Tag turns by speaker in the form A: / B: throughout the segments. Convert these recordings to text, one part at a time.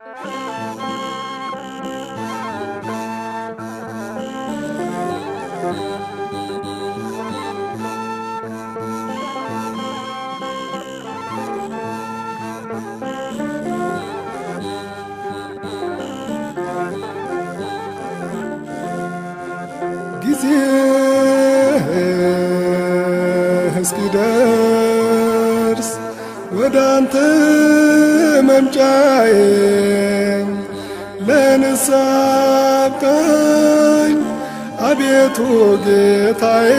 A: Uh-huh. ወደ አንተ መምጫዬ ለንስሐ አብቃኝ አቤቱ ጌታዬ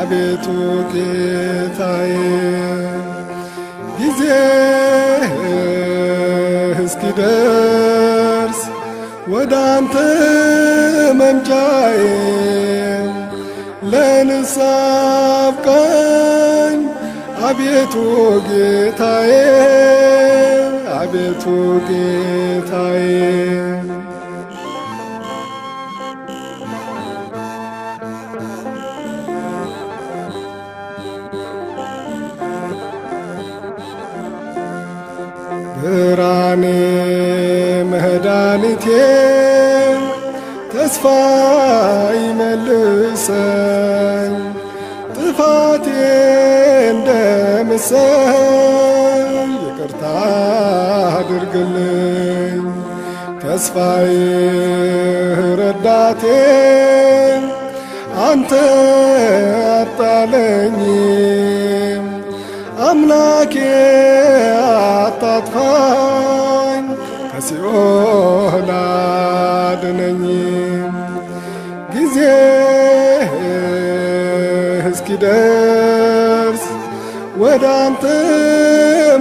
A: አቤቱ ጌታዬ ጊዜ እስኪደርስ ወደ አንተ መምጫዬ ለንስሐ አቤቱ ጌታዬ አቤቱ ጌታዬ ብርሃኔ መድኃኒቴ ተስፋ ይመልሰን ጥፋቴ መልሰኝ ይቅርታ አድርግልኝ ተስፋዬ ረዳቴ አንተ አጣለኝ አምላኬ አታጥፋኝ ከሲኦል አድነኝ ጊዜ እስኪደ ወዳንተ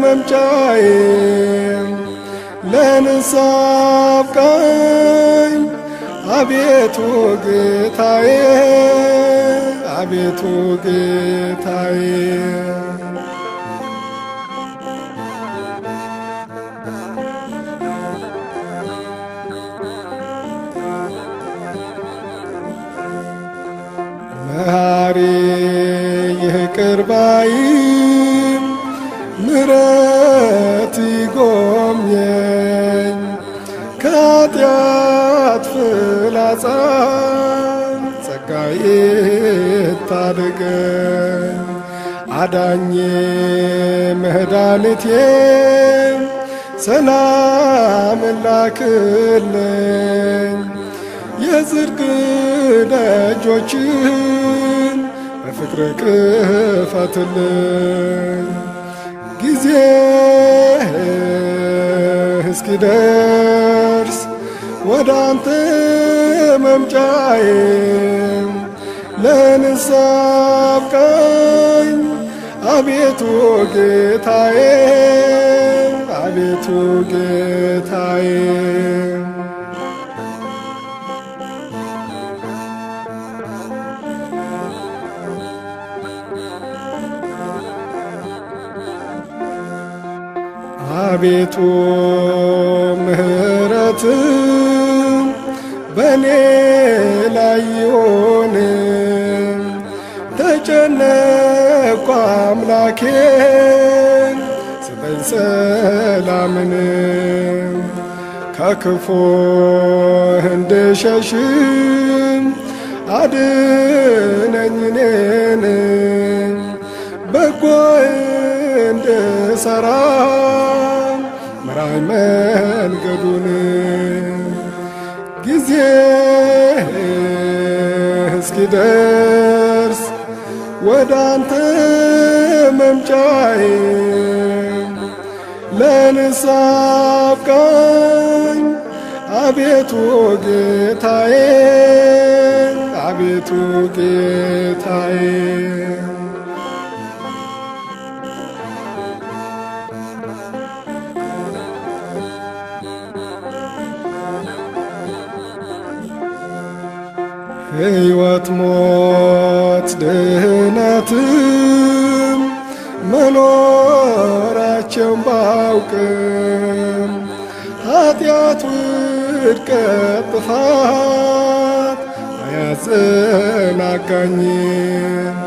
A: መምጫዬ ለንስሐ አብቃኝ አቤቱ ጌታዬ አቤቱ ጌታዬ መሐሪ ይቅር ባይ ምረት ይጎብኘኝ ከኃጢአት ፍላጻ ጸጋ ይታደገኝ አዳኜ መድኃኒቴ ሰላም ላክልኝ የጽድቅ ደጆችን በፍቅር ክፈትልኝ ጊዜ እስኪደርስ ወደ አንተ መምጫዬ ለንስሐ አቤቱ ጌታዬ አቤቱ ጌታዬ አቤቱ ምሕረት በኔ ላይ ይሆን። ተጨነቅኩ አምላኬ ስጠኝ ሰላምን ከክፉ እንድሸሽም አድነኝ እኔን በጎ እንድሰራ መንገዱን ጊዜ እስኪደርስ ወደ አንተ መምጫዬ ለንስሐ አብቃኝ አቤቱ ጌታዬ አቤቱ ጌ ሞት ድህነትም መኖራቸውን ባውቅም ኃጢአት፣ ውድቀት፣ ጥፋት አያዘናጋኝም።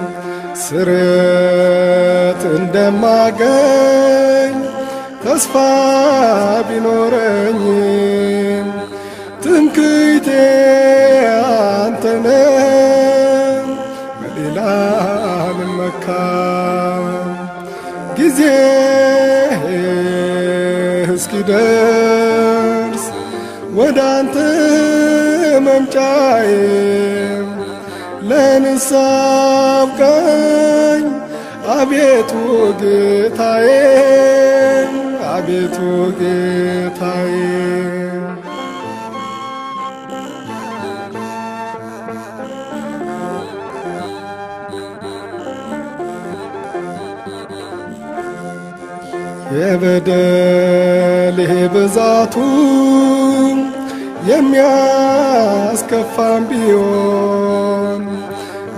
A: ስርየት እንደማገኝ ተስፋ ቢኖረኝም ትምክህቴ ጌታ ጊዜ እስኪደርስ ወደ አንተ መምጫዬ ለንስሐ አብቃኝ አቤቱ ጌታዬ አቤቱ ጌታዬ የበደልህ ብዛቱ የሚያስከፋም ቢሆን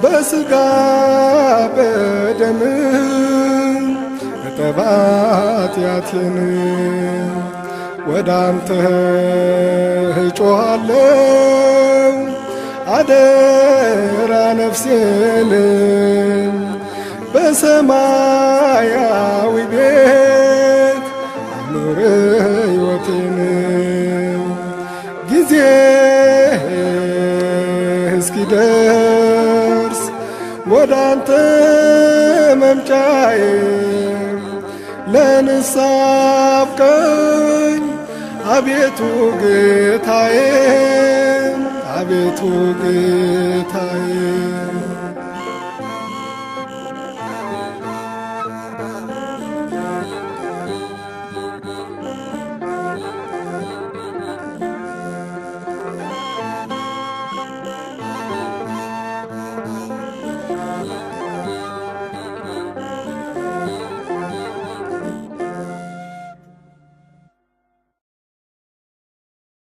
A: በስጋ በደም እጠባት ያቴን ወደ አንተ እጮኋለሁ አደራ ነፍሴን በሰማያዊ ቤት ወደ አንተ መምጫዬ ለንስሐ አቤቱ ጌታዬ አቤቱ ጌታዬ